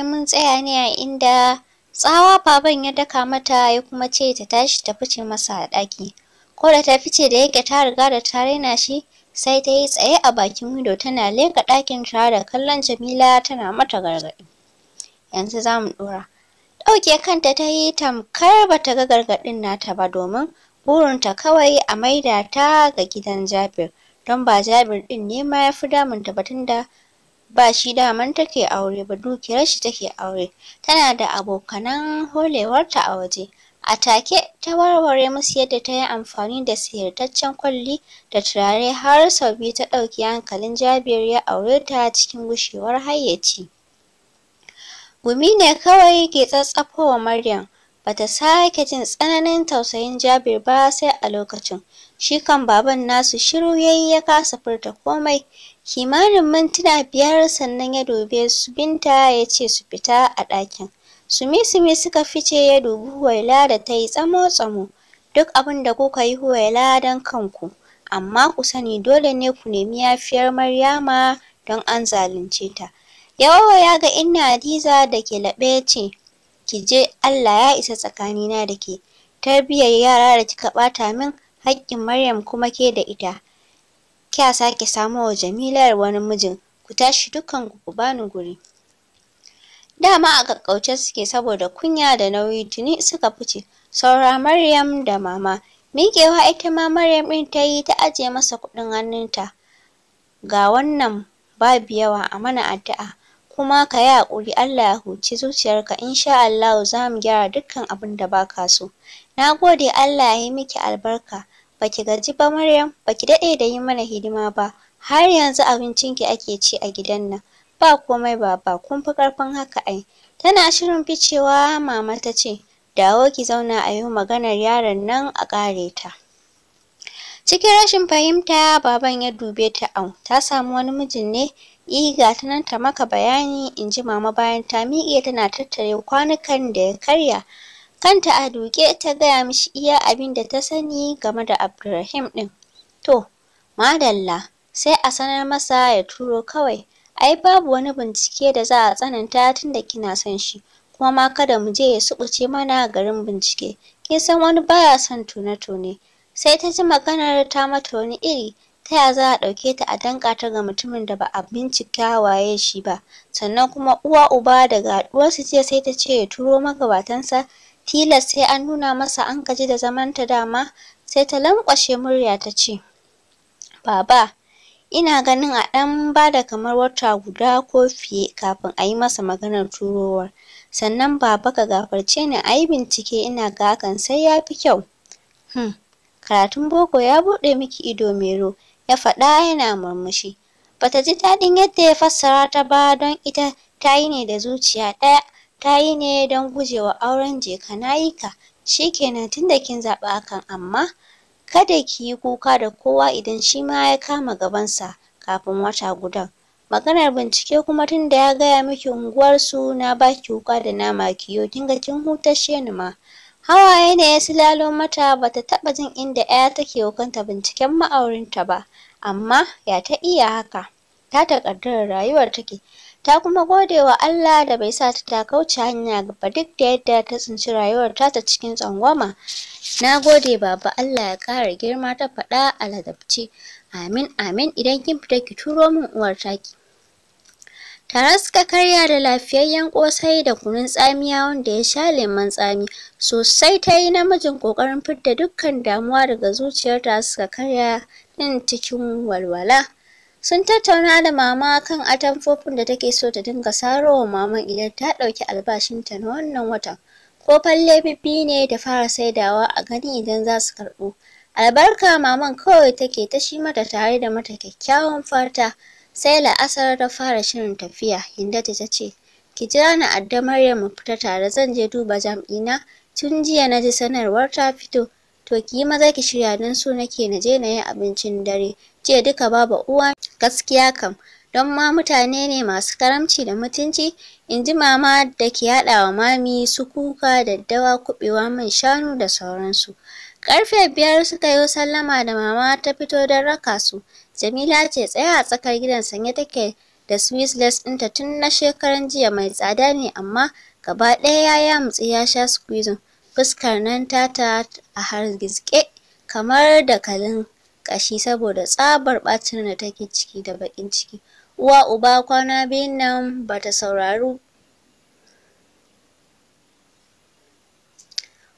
mun tsaya ne a inda tsawa baban ya daka mata ya kuma ce ta tashi ta fice masa a ɗaki. Ko da ta fice da yake ta riga da ta raina shi sai ta yi tsaye a bakin windo tana leƙa ɗakin ta da kallon Jamila tana mata gargaɗi. Yanzu za mu ɗora. Ɗauke kanta ta yi tamkar ba ta ga gargaɗin nata ba domin burinta kawai a maida ta ga gidan Jabir don ba Jabir ɗin ne ma ya fi damunta batun da. ba shi daman take aure ba dukiyar shi take aure tana da abokanan holewarta a waje a take ta warware musu yadda ta yi amfani da sihirtaccen kwalli da turare har sau biyu ta ɗauki hankalin jabiyar ya aure ta cikin gushewar hayyaci gumi ne kawai ke tsatsafowa maryam bata sake jin tsananin tausayin Jabir ba sai a lokacin. Shi kan baban nasu shiru yayi ya kasa furta komai. kimanin mintuna biyar sannan ya dube su binta ya ce su fita a ɗakin sumi-sumi suka fice ya dubi huwaila da ta yi tsamo-tsamo duk abin da kuka yi huwaila don kanku amma ku sani dole ne ku nemi yafiyar maryama don an zalunce ta yawawa ya ga inna hadiza da ke laɓe ce ki je allah ya isa tsakanina da ke tarbiyyar yara da kika ɓata min haƙƙin maryam kuma ke da ita kya sake samo wa Jamilar wani mijin ku tashi dukkan ku bani guri dama a kakkauce suke saboda kunya da nauyi tuni suka fice saura Maryam da mama miƙewa ita ma Maryam ɗin ta yi ta ajiye masa kuɗin hannunta ga wannan babu yawa a mana addu'a kuma ka yi haƙuri Allah ya huce zuciyarka insha Allahu za mu gyara dukkan abin da baka ka so na gode Allah ya yi miki albarka Baki gaji ba Maryam, baki daɗe da yi mana hidima ba. Har yanzu abincin ki ake ci a gidan nan. Ba komai baba, kun fi ƙarfin haka ai. Tana shirin ficewa mama ta ce, dawo ki zauna a yi maganar yaron nan a kare ta. Cikin rashin fahimta baban ya dube ta au, ta samu wani mijin ne, i e, ga ta maka bayani in ji mama bayan ta miƙe tana tattare kwanukan da ya karya. Kanta a duke ta gaya mishi iya abin da ta sani game da Abdulrahim din. To, madalla, sai a sanar masa ya turo kawai. Ai babu wani bincike da za a tsananta tunda kina son shi, kuma ma kada mu je ya suɓuce mana garin bincike. Kin san wani baya son tuna tone Sai ta ji maganar ta mata wani iri, ta ya za a ɗauke ta a dankata ta ga mutumin da ba a bincika waye shi ba sannan kuma uwa uba daga haɗuwarsu jiya sai ta ce ya turo magabatansa tilas sai an nuna masa an gaji da zaman ta dama sai ta lankwashe murya ta ce baba ina ganin a ɗan bada kamar wata guda ko fiye kafin a yi masa maganar turowar sannan baba ka gafarce ni a yi bincike ina ga hakan sai ya fi kyau hmm karatun boko ya buɗe miki ido mero ya faɗa yana murmushi bata ji daɗin yadda ya fassara ta ba don ita ta yi ne da zuciya ɗaya ta yi ne don gujewa auren jeka nayika tun da kin zaɓa hakan amma kada ki yi kuka da kowa idan shi ma ya kama gabansa kafin wata gudan maganar bincike kuma tunda ya gaya miki unguwarsu na baki kuka da nama kiyo kinga kin hutashe ni ma hawaye ne ya silalo mata bata taɓa jin inda ɗaya take wukanta binciken ma'aurinta ba amma ya ta iya haka ta taƙaddara rayuwar take ta kuma gode wa Allah da bai sa ta kauce hanya ba duk da yadda ta tsinci rayuwar ta cikin tsangwama na gode baba Allah ya ƙara girma ta faɗa a ladabci amin amin idan kin fita ki turo min uwar taki Ta raska karya da lafiyayyen ƙosai da kunun tsamiya wanda ya sha lemon tsami sosai ta yi namijin ƙoƙarin fidda dukkan damuwa daga zuciyarta suka karya ɗin cikin walwala Sun tattauna da mama kan atamfofin da take so ta dinga sarowa mama idan ta ɗauki albashinta na wannan watan. Ko falle bibi ne da fara saidawa a gani idan za su karɓo. Albarka maman kawai take ta shi mata tare da mata kyakkyawan fata. Sai la'asar ta fara shirin tafiya, inda ta ce, Ki jira ni adda Maryam mu fita tare zan je duba jam'ina, tun jiya na ji sanarwar ta fito. To ki yi maza ki shirya don so nake na je na yi abincin dare. ce duka babu uwa gaskiya kam don ma mutane ne masu karamci da mutunci in ji mama da ke haɗa wa mami su kuka daddawa kuɓewa man shanu da sauransu Karfe biyar suka yi sallama da mama ta fito don raka su. Jamila ce tsaye a tsakar gidan sanye take da swissless ɗinta tun na shekaran jiya mai tsada ne amma gaba ɗaya ya mutsi ya sha squeezing. Fuskar nan tata a hargitse kamar dakalin ƙashi saboda tsabar ɓacin da take ciki da baƙin ciki. Uwa uba kwana biyun nan ba ta saurari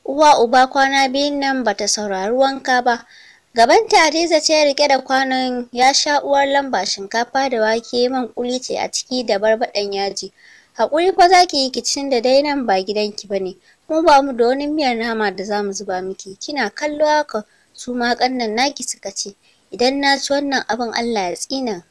Uwa uba kwana biyun nan ba ta wanka ba. Gabanta Hadiza ce rike da kwanon ya sha uwar lamba shinkafa da wake man kuli ce a ciki da barbadan yaji. Haƙuri fa zaki yi kicin da dai nan ba gidanki ba ne. Mu ba mu da wani miyar nama da zamu zuba miki. Kina kallo haka Suma ma ƙannan naki suka ce idan na ci wannan abin Allah ya tsina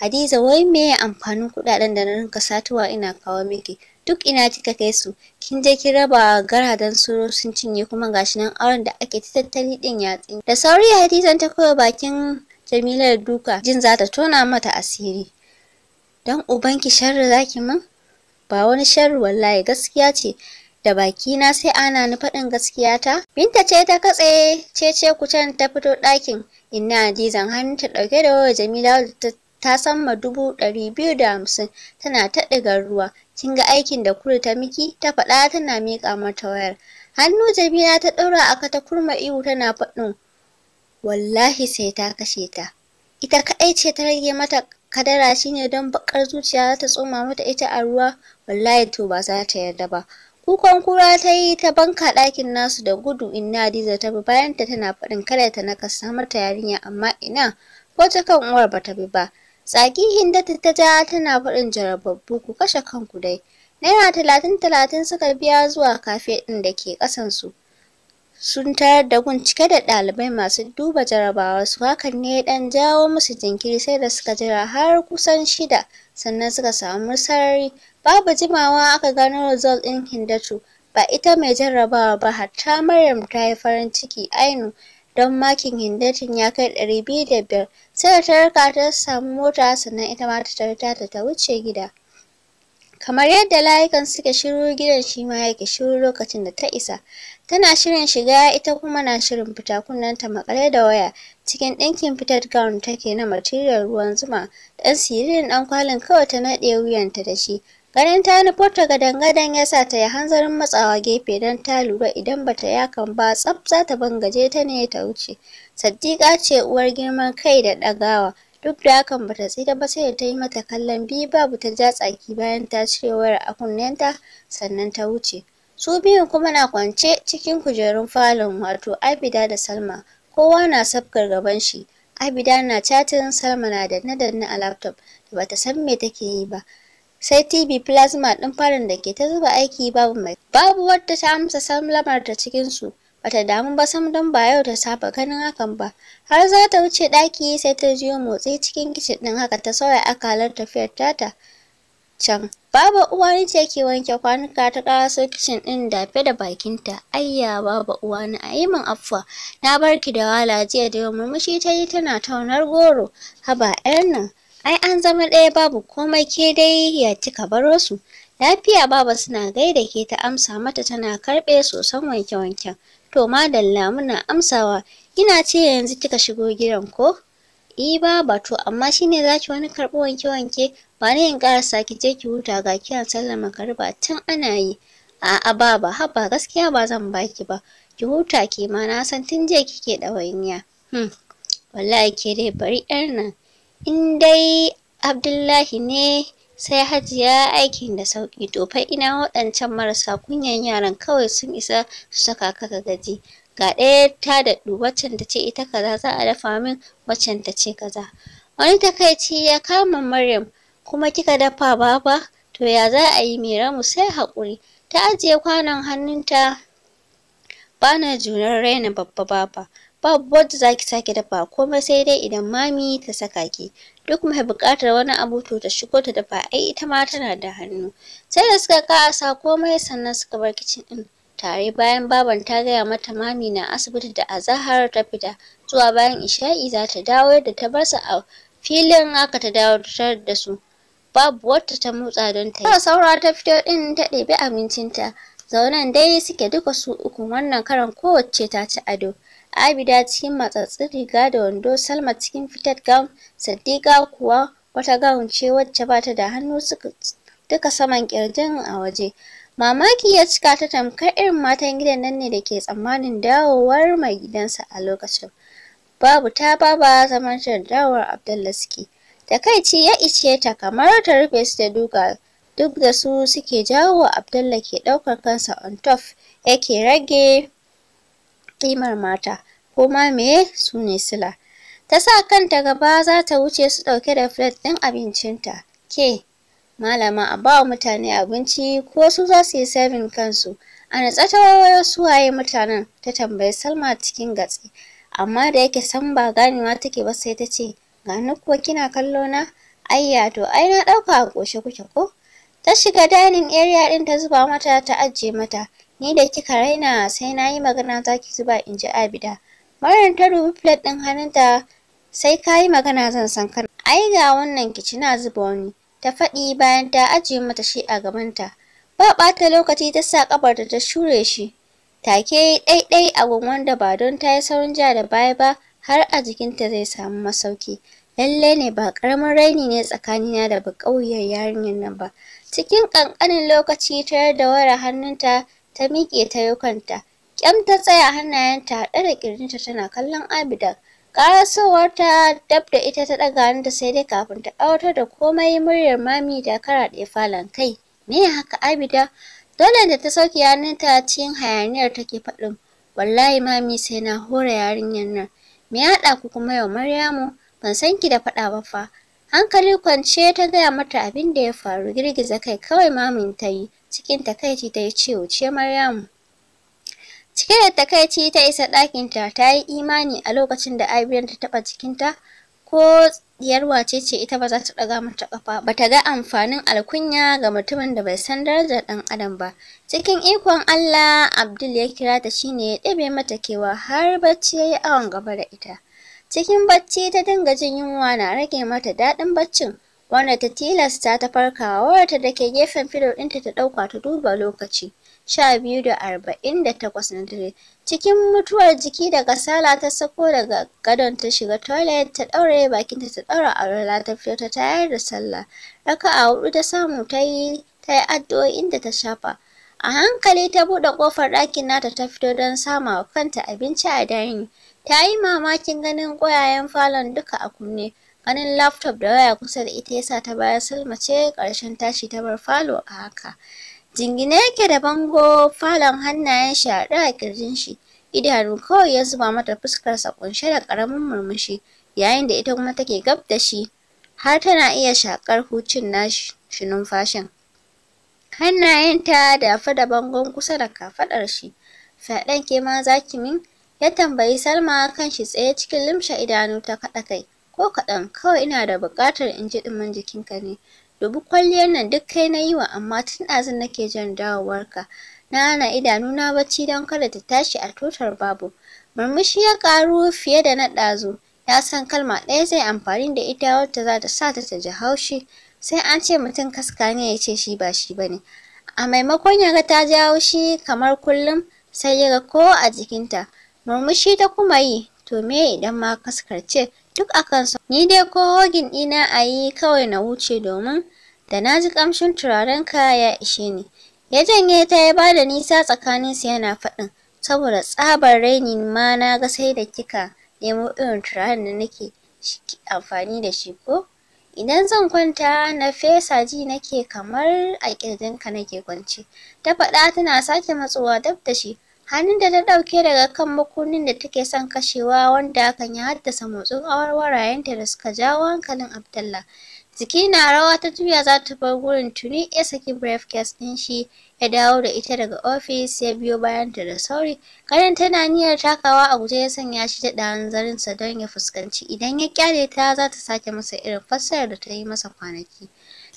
Hadiza wai me ya amfanin kuɗaɗen da na rinka satuwa ina kawo miki duk ina kika kai su kin je kin raba garadan suro sun cinye kuma gashi nan auren da ake tattali din ya tsini da sauri Hadizan ta koyo bakin Jamila da duka jin za ta tona mata asiri dan ubanki sharri zaki min ba wani sharri wallahi gaskiya ce da bakina sai ana ni faɗin gaskiyata? Binta ce ta katse ce kucan ta fito ɗakin inna hannu ta ɗauke da waya Jamila ta san ma dubu ɗari biyu da hamsin tana ta ɗigar ruwa. Kin ga aikin da kure ta miki? Ta faɗa tana miƙa mata wayar. Hannu Jamila ta ɗaura aka ta kurma ihu tana faɗin wallahi sai ta kashe ta. Ita kaɗai ce ta rage mata kadara shine don baƙar zuciya za ta tsoma mata ita a ruwa wallahi to ba za ta yarda ba. Kukan kura ta yi ta banka ɗakin nasu da gudu inna Hadiza ta bi bayan ta tana faɗin kada ta naka samar ta yarinya amma ina ko ta kan uwar ba ta bi ba. Tsaki Hindata ta ja tana faɗin jarababbu ku kashe kanku dai. Naira talatin talatin suka biya zuwa kafe ɗin da ke su Sun tarar da gun cike da ɗalibai masu duba jarabawa su hakan ne ɗan jawo musu jinkiri sai da suka jira har kusan shida sannan suka samu sarari. Babu jimawa aka gano result ɗin Hindatu, ba ita mai jarrabawa ba hatta Maryam ta yi farin ciki ainu don makin Hindatun ya kai ɗari biyu da biyar. Sai da ta raka ta samu mota sannan ita ma ta tafi tata ta wuce gida. Kamar yadda layukan suke shiru gidan shi ma yake shiru lokacin da ta isa. Tana shirin shiga ita kuma na shirin fita kunnenta maƙale da waya. cikin ɗinkin fitar gown take na material ruwan zuma ɗan siririn ɗan kwalin kawai ta naɗe wuyanta da shi ganin ta nufar ta gadan-gadan ya sa ta yi hanzarin matsawa gefe don ta lura idan bata yakan ba tsaf za ta bangaje ta ne ta wuce saddiƙa ce uwar girman kai da ɗagawa duk da hakan bata tsira ba sai da ta yi mata kallon biyu babu ta ja tsaki bayan ta cire wayar a kunnenta sannan ta wuce su biyu kuma na kwance cikin kujerun falon wato Abida da Salma kowa na safkar gaban shi abida na chatin salma na da na danne a laptop da bata san me take yi ba sai tv plasma din farin da ke ta zuba aiki babu mai babu wata ta amsa salmar ta cikin su bata damu ba sam don ba yau ta saba ganin hakan ba har za ta wuce daki sai ta jiyo motsi cikin kicin din haka ta sauya akalar tafiyar tata can. Baba uwani ce ke wanke kwanuka ta karaso kicin ɗin dafe da bakinta. Ayya baba uwa a yi min afuwa. Na bar ki da wala jiya da yau murmushi ta yi tana taunar goro. Haba 'yar nan. Ai an zama ɗaya babu komai ke dai ya kika baro su. Lafiya baba suna gaida ke ta amsa mata tana karɓe soson wanke-wanken. To madalla muna amsawa. Ina ce yanzu kika shigo gidan ko? Iba eh, ba, to amma shine zaki wani karɓi wanke-wanke ba ni in ƙarasa ki je ki huta ga kiyan sallar magariba tun ana yi a'a baba haba gaskiya ba zan baki ba ki huta ke ma na san tun jiya kike ɗawainiya hmm wallahi ke dai bari yar nan in dai abdullahi ne sai hajiya aikin da sauki to fa ina waɗancan marasa kunyan yaran kawai sun isa su saka ka gaji ga ɗaya ta daɗu waccan ta ce ita kaza za a dafa min waccan ta ce kaza wani takaici ya kama maryam kuma kika dafa baba to ya za a yi meramu sai haƙuri ta ajiye kwanon hannunta bana junar raina babba baba babu wadda za ki sake dafa komai sai dai idan mami ta saka ki duk mai buƙatar wani abu to ta shigo ta dafa ai ita ma tana da hannu sai da suka sa komai sannan suka bar kicin ɗin tare bayan baban ta gaya mata mami na asibiti da azahar ta fita zuwa bayan isha'i za ta dawo yadda ta bar su a filin haka ta dawo ta da su babu wata ta motsa don ta yi. saura ta fito din ta ɗebi abincinta. Zaunan dai suke duka su uku wannan karan kowacce ta ci ado. Abida cikin matsatsin riga da wando, Salma cikin fitar gown, Saddiqa kuwa wata gown ce wacce ba ta da hannu suka duka saman kirjin a waje. Mamaki ya cika ta tamkar irin matan gidan nan ne da ke tsammanin dawowar mai gidansa a lokacin. Babu ta baba zaman dawowar Abdullahi suke. Takaici ya ishe ta kamar ta rufe su da duka duk da su suke jawo Abdullah ke ɗaukar kansa on top yake rage ƙimar mata ma me su ne sila. Ta sa kanta gaba za ta wuce su ɗauke da flat ɗin abincinta. Ke, malama a ba mutane abinci ko su za su yi serving kansu. A natsa ta wayo su waye mutanen ta tambayi Salma cikin gatse. Amma da yake san ba ganewa take ba sai ta ce, ga ni kina kallo na ayya to ai na ɗauka a ƙoshe kuke ko ta shiga dining area ɗin ta zuba mata ta ajiye mata ni da kika raina sai na yi magana za ki zuba in ji abida maran ta dubi plate ɗin hannunta sai ka yi magana zan san kan ai ga wannan kici na zuba wani ta faɗi bayan ta ajiye mata shi a gabanta ba bata lokaci ta sa kabar da ta shure shi take ɗaiɗai a da ba don ta yi saurin ja da baya ba har a jikinta zai samu masauki Lallai ne ba ƙaramin raini ne tsakanina da baƙauyiyar yarinyar nan ba. Cikin ƙanƙanin lokaci ta da wayar hannunta ta miƙe ta yi kwanta. Ƙyam ta tsaya hannayenta haɗe da ƙirjinta tana kallon Abida. Ƙarasowarta dab da ita ta ɗaga hannunta sai dai kafin ta aiwatar da komai muryar mami da karaɗe falon kai. Me haka Abida? Dole da ta sauke hannunta cikin hayaniyar take faɗin. Wallahi mami sai na hora yarinyar nan. Me ya haɗa ku kuma yau Maryamu? ban san ki da faɗa ba fa hankali kwance ta gaya mata abin da ya faru girgiza kai kawai mamin ta yi cikin takaici ta yi ce wuce maryamu cike da takaici ta isa ɗakinta ta yi imani a lokacin da aibiyar ta taɓa ta ko diyar wace ce ita ba za ta ɗaga mata ƙafa ba ta ga amfanin alkunya ga mutumin da bai san darajar dan adam ba cikin ikon Allah Abdul ya kira ta shine ya ɗebe mata kewa har bacci ya yi awon gaba da ita Cikin bacci ta dinga jin yunwa na rage mata daɗin baccin, wanda ta tilasta ta farkawa wadda da ke gefen filo ɗinta ta ɗauka ta duba lokaci. Sha biyu da arba'in da takwas na dare. Cikin mutuwar jiki da kasala ta sako daga gadon ta shiga toilet ta ɗaure bakinta ta ɗaura alwala ta fito ta tayar da sallah. Raka'a hudu ta samu ta yi ta yi addu'o'in da ta shafa. A hankali ta buɗe ƙofar ɗakin nata ta fito don samawa kanta abinci a dining. Ta yi mamakin ganin ƙwayayen falon duka a kunne. Ganin laptop da waya kusa da ita yasa ta bayar Salma ce ƙarshen tashi ta bar falo a haka. Jingine yake da bango falon hannayen shi a ɗaya ƙirjin shi. Idanu kawai ya zuba mata fuskarsa ƙunshe da ƙaramin murmushi yayin da ita kuma take gab da shi har tana iya shaƙar hucin nashi shi numfashin. Hannayenta dafa da bangon kusa da kafaɗar shi. Faɗan ke ma za ki min? ya tambayi Salma kan shi tsaye cikin limshe idanu ta kaɗa kai. Ko kaɗan, kawai ina da buƙatar in ji ɗumin jikinka ne. Dubu kwalliyar nan duk kai na yi wa amma tun ɗazun nake jan dawowarka. Na ana idanu na bacci don kada ta tashi a tutar babu. Murmushi ya ƙaru fiye da na ɗazu. Ya san kalma ɗaya zai amfani da ita wacce za ta sa ta ta ji haushi. Sai an ce mutum kaska ne ya ce shi ba shi ba ne. A maimakon ya ga ta ji haushi kamar kullum sai ya ga ko a jikinta. murmushi ta kuma yi to me idan ma kaskarce duk a kansa ni dai ko hogin ɗina a yi kawai na wuce domin da na ji ƙamshin turarenka ya ishe ni ya janye ta ya ba da nisa tsakanin su yana faɗin saboda tsabar raini ma na ga sai da kika nemo irin turaren da nake amfani da shi ko idan zan kwanta na fesa ji nake kamar a ƙirjinka nake kwance ta faɗa tana sake matsowa dab da shi hannun da ta ɗauke daga kan makunin da take son kashewa wanda hakan ya haddasa motsin awarwarayenta da suka jawo hankalin Abdallah. Jiki na rawa ta juya za ta bar gurin tuni ya saki briefcase ɗin shi ya dawo da ita daga ofis ya biyo bayanta da sauri. Kanan tana niyyar takawa a guje ya sanya shi da hanzarinsa don ya fuskanci idan ya kyale ta za ta sake masa irin fassarar da ta yi masa kwanaki.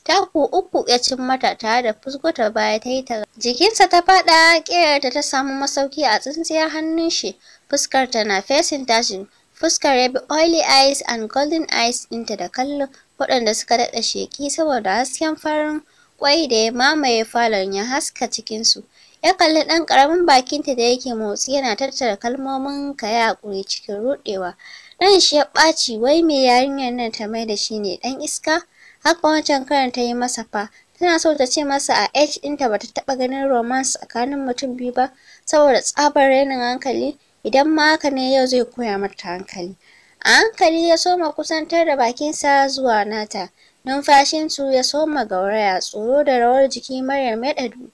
Taku uku ya cin mata tare da fusgota baya ta yi ta jikinsa ta faɗa ƙerarta ta samu masauki a tsintsiyar hannun shi. Fuskar ta na fesin tashin. Fuskar ya bi oily eyes and golden eyes ɗinta da kallo waɗanda suka daɗa sheki saboda hasken farin kwai da ya mamaye falon ya haska cikinsu. Ya kalli ɗan ƙaramin bakinta da yake motsi yana tattara kalmomin ka ya haƙuri cikin ruɗewa. ɗan shi ya ɓaci wai me yarinyar nan ta mai da shi ne ɗan iska? Haka wancan karan ta yi masa fa. Tana so ta ce masa a age ɗinta bata taɓa ganin romance tsakanin mutum biyu ba saboda tsabar rainin hankali. Idan ma haka ne yau zai koya mata hankali. A hankali ya soma kusantar da bakinsa zuwa nata. Numfashinsu ya soma gauraya, tsoro da rawar jiki Maryam ya ɗadu.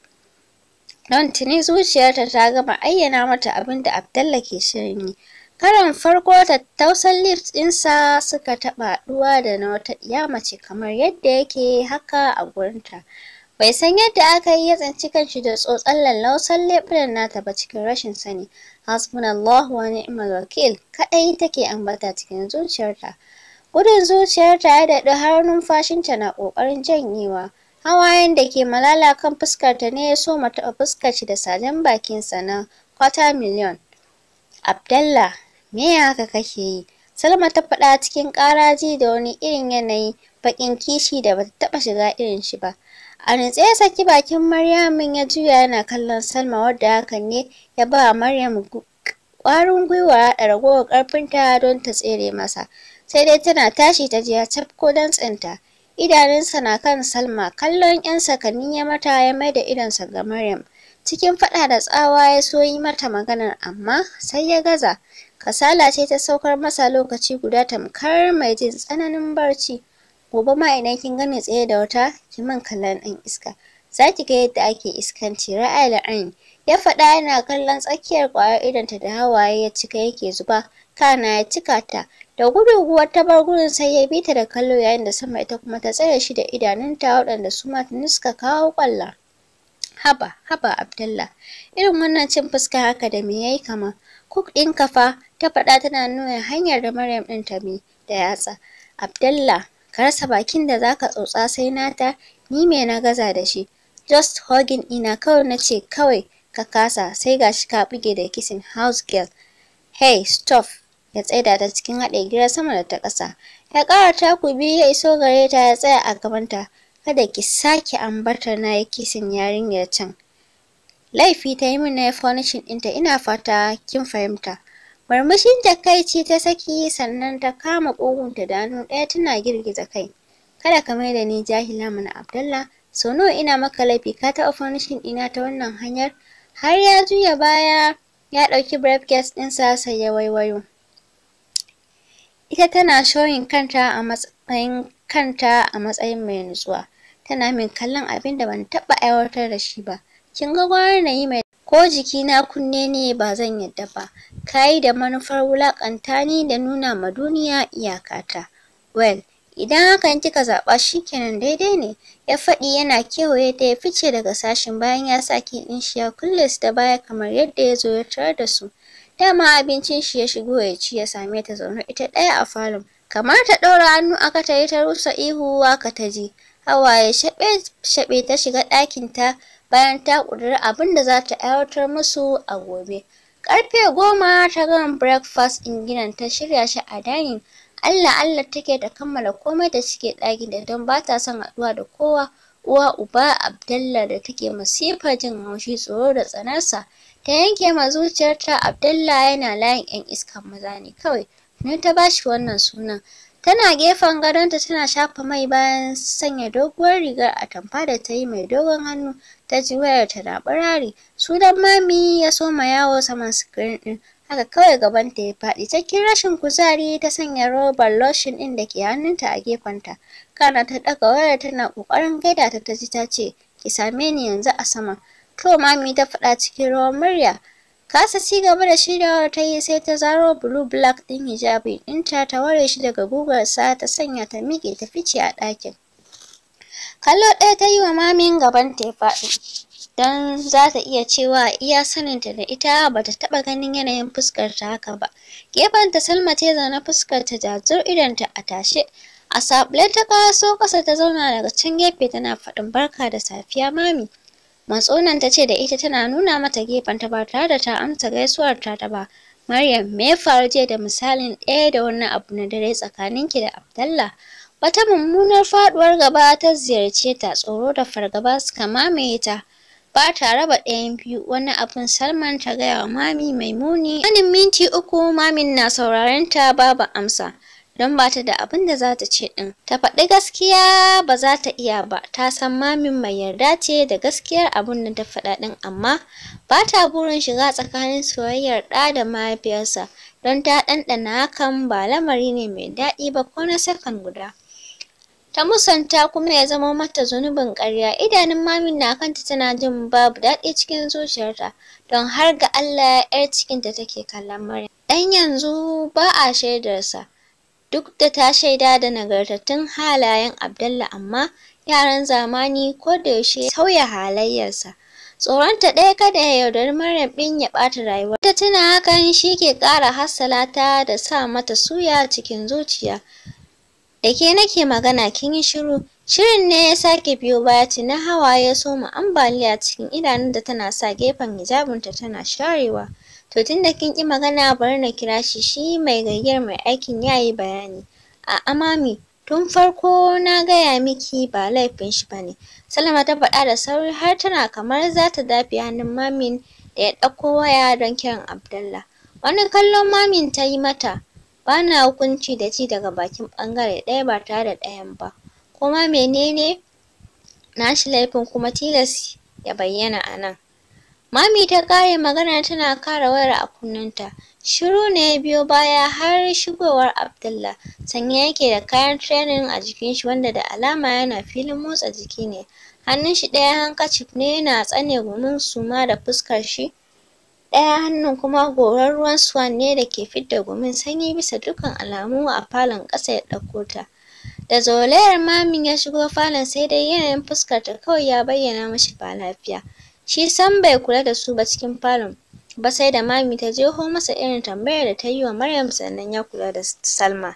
Don tuni zuciyarta ta gama ayyana mata abinda da Abdallah ke shirin yi. Karon farko tattausan lips ɗinsa suka taɓa haɗuwa da na wata ɗiya mace kamar yadda yake haka a gurinta. Bai san yadda aka yi ya tsinci kanshi da tsotson lallausan leɓunan nata ba cikin rashin sani. Hasbunallahu wa ni'mal wakil kaɗai take ambata cikin zuciyarta. Gudun zuciyarta ya daɗu har numfashinta na ƙoƙarin janyewa. Hawayen da ke malala kan fuskarta ne ya soma taɓa fuskarshi da sadin bakinsa na kwata miliyon. Abdallah me ya haka kake yi Salma ta faɗa cikin ƙaraji da wani irin yanayi baƙin kishi da bata taɓa shiga irin shi ba a nutse ya saki bakin Maryamin ya juya yana kallon Salma wadda hakan ne ya ba Maryam ƙwarin gwiwa da ragowar ƙarfinta don ta tsere masa sai dai tana tashi ta ji ya cafko tsinta. idanunsa na kan Salma kallon 'yan sakanni ya mata ya maida idonsa ga Maryam cikin faɗa da tsawa ya so yi mata maganar amma sai ya gaza Kasala ce ta saukar masa lokaci guda tamkar mai jin tsananin barci. Gobe ma idan kin gani tsaye da wata, ki man kallon ɗan iska. Za ki ga yadda ake iskanci Ra'ayin ain. Ya faɗa yana kallon tsakiyar ƙwayar idonta da hawaye ya cika yake zuba, kana ya cika ta. Da gudu kuwa ta bar gurin sai ya bi ta da kallo yayin da sama ita kuma ta tsare shi da idanunta waɗanda su ma tuni suka kawo ƙwalla. Haba, haba Abdallah, irin wannan cin fuska haka da me yayi kama? kuk ɗin kafa. ta faɗa tana nuna hanyar da Maryam ɗin ta bi da yatsa. Abdalla ka rasa bakin da zaka tsotsa sai nata, ni me na gaza da shi. Just hugging ina kawai na ce kawai ka kasa sai ga shi ka buge da kissing house girl. Hey, stop! Ya tsaida ta cikin haɗe gira sama da ta ƙasa. Ya ƙara taku biyu ya iso gare ta ya tsaya a gabanta. Kada ki sake ambatar na yi kissing yarinyar can. Laifi ta yi min na furnishing ɗinta ina fata kin fahimta. Murmushin takaici ta saki sannan ta kama ƙugunta da hannu ɗaya tana girgiza kai. Kada ka mai da ni jahila mana Abdallah, sau nawa ina maka laifi ka taɓa furnishin ɗina ta wannan hanyar? Har ya juya baya ya ɗauki briefcase sa sai ya waiwayo. Ita tana showing kanta a matsayin kanta a matsayin mai nutsuwa. Tana min kallon abin da ban taɓa aiwatar da shi ba. Kin ga gwara na yi mai ko jikina kunne ne ba zan yadda ba kayi da manufar wulakanta ni da nuna ma duniya iyakata well idan hakan kika zaɓa shikenan daidai ne ya faɗi yana kewaye ta ya fice daga sashin bayan ya sa ki ɗin shi ya kulle su da baya kamar yadda ya zo ya tarar da su dama abincin shi ya shigo ya ci ya same ta zaune ita ɗaya a falon kamar ta ɗaura hannu aka tayi ta rusa ihu aka ta ji hawaye shaɓe-shaɓe ta shiga ɗakin ta bayan ta ƙudiri abin da za ta aiwatar musu a gobe. Ƙarfe goma ta gama breakfast in gidan ta shirya shi a dining. Allah Allah take ta kammala komai da suke ɗakin da don ba ta son haɗuwa da kowa. Uwa uba Abdallah da take masifa jin haushi tsoro da tsanarsa. Ta yanke ma zuciyarta Abdallah yana layin 'yan iskan maza ne kawai. Ne ta ba shi wannan sunan. Tana gefen gadonta tana shafa mai bayan sanya doguwar rigar atamfa da ta yi mai dogon hannu ta ji wayarta na Su Sunan mami ya soma yawo saman sikirin ɗin. Haka kawai gabanta ya faɗi. Cikin rashin kuzari ta sanya robar lotion ɗin da ke hannunta a gefenta. Kana ta ɗaga wayar tana ƙoƙarin gaida ta ta ji ta ce, ki same ni yanzu a sama. To mami ta faɗa cikin rawar murya. Kasa ci gaba da shiryawar ta yi sai ta zaro blue black ɗin hijabi ɗinta ta ware shi daga gugarsa ta sanya ta miƙe ta fice a ɗakin. kallo ɗaya ta yi wa mamin gaban ta ya faɗi don za ta iya cewa iya saninta da ita ba ta taɓa ganin yanayin fuskarta haka ba Gefen gefenta salma ta zaune fuskarta jajir ta a tashe a saɓule ta kaso ƙasa ta zauna daga can gefe tana faɗin barka da safiya mami matsonan ta ce da ita tana nuna mata gefenta ba tare da ta amsa gaisuwar ta ba maryam me faru jiya da misalin ɗaya da wani abu na dare tsakaninki da abdallah Wata mummunar faduwar gaba ta ziyarce ta tsoro da fargaba suka mamaye ta. Ba ta raba ɗayan biyu wani abin Salman ta gaya wa mami mai muni. Wanin minti uku mamin na sauraren ta babu amsa. Don ba ta da abin da za ta ce din. Ta faɗi gaskiya ba za ta iya ba. Ta san mamin mai yarda ce da gaskiyar abin da ta faɗa din, amma ba ta burin shiga tsakanin soyayyar ɗa da mahaifiyarsa. Don ta ɗanɗana hakan ba lamari ne mai daɗi ba ko na sakan guda. ta musanta kuma ya zama mata zunubin karya, idanun mamin na kanta tana jin babu daɗi cikin zuciyarta don har ga Allah yar cikinta take kallon Maryam dan yanzu ba a shaidarsa duk da ta shaida da nagartattun halayen Abdalla amma yaran zamani ko da yaushe sauya halayyarsa tsoronta ɗaya kada ya yaudari Maryam ɗin ya ɓata rayuwa ta tuna hakan shi ke ƙara hassalata da sa mata suya cikin zuciya da ke nake magana kin yi shiru shirin ne ya sake biyo baya tuni hawa ya soma ambaliya cikin idanun da tana sa gefen hijabinta tana sharewa to tunda kin yi magana bari na kira shi shi mai gayyar mai aikin ya yi bayani a'a mami tun farko na gaya miki ba laifin shi ba ne. Salma ta faɗa da sauri har tana kamar za ta dafe hannun mamin da ya ɗauko waya don kiran Abdallah wani kallon mamin ta yi mata Ba na hukunci da ci daga bakin bangare ɗaya ba tare da ɗayan ba. kuma menene nashi laifin kuma tilas ya bayyana a nan. Mami ta kare magana tana kara wayar a kunnenta. Shiru ne ya biyo baya har shigowar Abdullah. Sanye yake da kayan trenin a jikin shi wanda da alama yana filin motsa jiki ne. Hannun shi ɗaya hankacif ne yana tsane gumin suma da fuskar shi Ɗaya hannun kuma goran ruwan swan ne da ke fidda gumin sanyi bisa dukkan alamu a falon ƙasa ya ɗauko ta. Da zolayar mamin ya shigo falon sai dai yanayin fuskar ta kawai ya bayyana mashi ba lafiya. Shi sam bai kula da su ba cikin falon. Ba sai da mami ta jeho masa irin tambayar da ta yi wa Maryam sannan ya kula da Salma.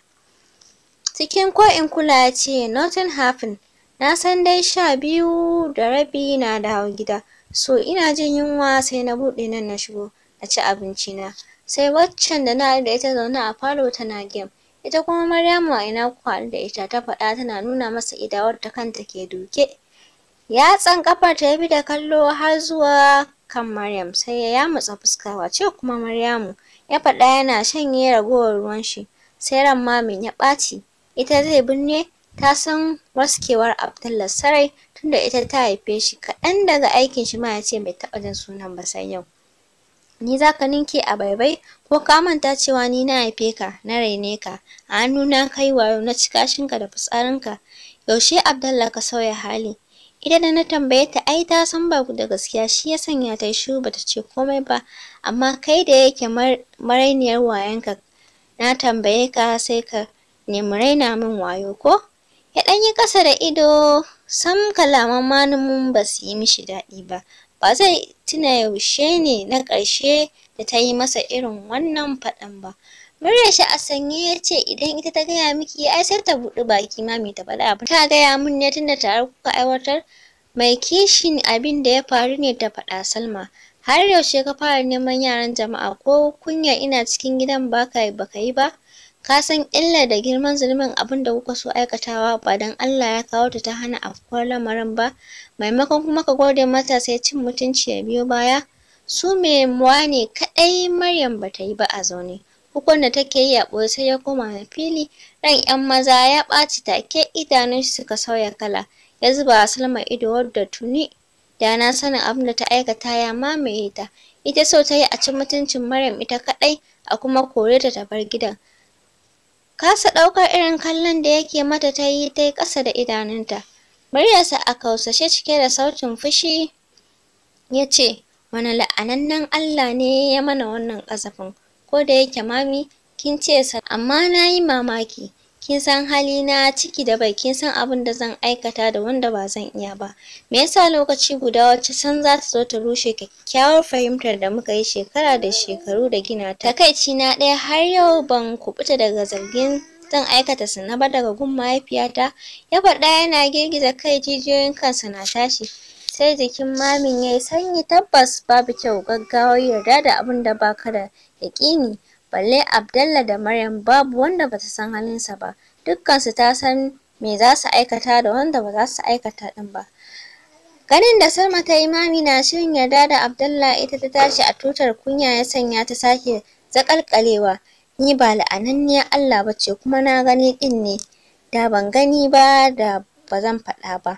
Cikin ko'in kula ya ce, Nothing happened. Na san dai sha biyu da rabi na da hau gida. So ina jin yunwa sai na buɗe nan na shigo na ci abinci na. Sai waccan da na da ita zaune a falo tana game. Ita kuma Maryamu a ina ku haɗu da ita ta faɗa tana nuna masa idawar ta kanta ke duke. tsan kafar ta bi da kallo har zuwa kan Maryam sai ya yamutsa fuska wace kuma Maryamu ya faɗa yana shanye ragowar ruwan shi. Sai ran mamin ya ɓaci ita zai binne ta san waskewar Abdullahi sarai tunda ita ta haife shi kaɗan daga aikin shi ma ya ce bai taɓa jin sunan ba sai yau ni za ka ninke a baibai ko ka manta cewa ni na haife ka na raine ka a na kai wayo na ci kashinka da fitsarinka yaushe abdallah ka sauya hali ita da na tambaye ta ai ta san ba da gaskiya shi ya sanya ta yi shiru ta ce komai ba amma kai da yake marainiyar wayanka na tambaye ka sai ka nemi raina min wayo ko ya ɗan yi ƙasa da ido sam kalaman malamin ba su yi mishi daɗi ba ba zai tuna yaushe ne na ƙarshe da ta yi masa irin wannan faɗan ba muryarshi a sanye ya ce idan ita ta gaya miki ya sai ta buɗe baki ma mai ta faɗa abin ta gaya mun ne tunda tare kuka aiwatar mai kishin abin da ya faru ne ta faɗa Salma har yaushe ka fara neman yaran jama'a ko kunya ina cikin gidan baka baka yi ba Ka san illa da girman zulmin abin da kuka so aikatawa ba dan Allah ya kawo ta ta hana afkuwar lamarin ba, maimakon kuma ka gode mata sai cin mutunci ya biyo baya. Su me muwa ne kaɗai Maryam ba ta yi ba a zaune. Hukun da take yi a ɓoye sai ya koma fili, ran 'yan maza ya ɓaci take idanun shi suka sauya kala. ya zuba wa Salma ido wadda tuni da na sanin abin da ta aikata ya mamaye ta. Ita so ta yi a cin mutuncin Maryam ita kaɗai a kuma kore ta ta bar gidan. Kasa ɗaukar irin kallon da yake mata ta yi ta ƙasa da idanunta. Muryarsa a kausashe cike da sautin fushi ya ce, Wani la'anannen Allah ne ya mana wannan ƙazafin, ko da yake mami kin ce sa, amma na yi mamaki. kin san halina ciki da bai kin san abin da zan aikata da wanda ba zan iya ba me yasa lokaci guda wace san za ta zo ta rushe kyakkyawar fahimtar da muka yi shekara da shekaru da gina ta takaici na ɗaya har yau ban kubuta daga zargin zan aikata su na ba daga gun mahaifiyata ya faɗa yana girgiza kai jijiyoyin kansa na tashi sai jikin mamin yayi sanyi tabbas babu kyau gaggawar yarda da abin da baka da yaƙini balle Abdalla da Maryam babu wanda bata san halinsa ba dukkansu ta san me za su aikata da wanda ba za su aikata ɗin ba ganin da Salma ta yi mami na shirin yarda da Abdalla ita ta tashi a tutar kunya ya sanya ta sake zaƙalƙalewa ni ba la'ananniyar Allah ba ce kuma na gani ɗin ne da ban gani ba da ba zan faɗa ba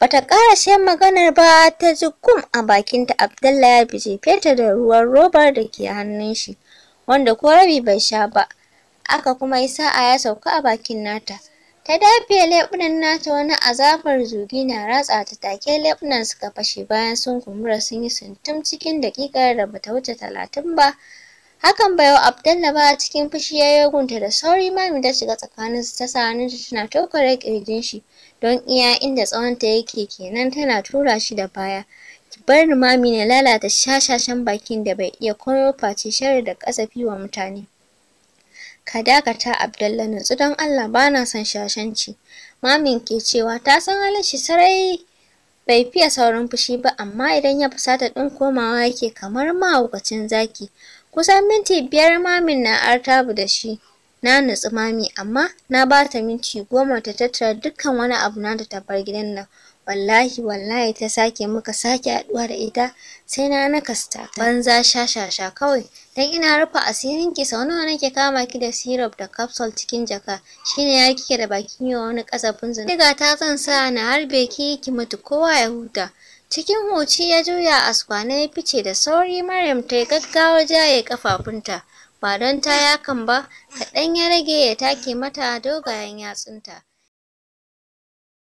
bata ƙara shan maganar ba ta ji gum a bakinta Abdalla ya feta da ruwan robar da ke hannun shi wanda ko rabi bai sha ba aka kuma yi sa'a ya sauka a bakin nata ta dafe leɓunan nata wani azabar zugi na ratsa ta take leɓunan suka fashe bayan sun kumbura sun yi suntum cikin daƙiƙar da bata wuce talatin ba hakan bai wa abdalla ba cikin fushi ya yogunta da sauri mai ta shiga tsakanin su ta sa hannunta tana tokare ƙirjin shi don iya inda tsawonta yake kenan tana tura shi da baya barin Mami na lalata shashashen bakin da bai iya komai face sharri da kasafi wa mutane. Ka dakata Abdalla nutsu don Allah bana son shashanci. Mamin ke cewa ta san halin shi sarai bai fiye saurin fushi ba amma idan ya fusata ɗin komawa yake kamar mahaukacin zaki. Kusan minti biyar mamin na artabu da shi. Na nutsu mami amma na bata minti goma ta tattara dukkan wani abu na da ta bar gidan nan. wallahi wallahi ta sake muka sake haɗuwa da ita sai na nakasta banza shashasha kawai dan ina rufa asirin ki sau nawa nake kama ki da syrup da capsule cikin jaka shine ya kike da bakin yi wani kasafin zin diga ta zan sa na harbe ki ki mutu kowa ya huta cikin huci ya juya askwana ya fice da sauri maryam ta yi gaggawa jaye kafafunta ba don ta yakan ba kaɗan ya rage ya take mata dogayen yatsunta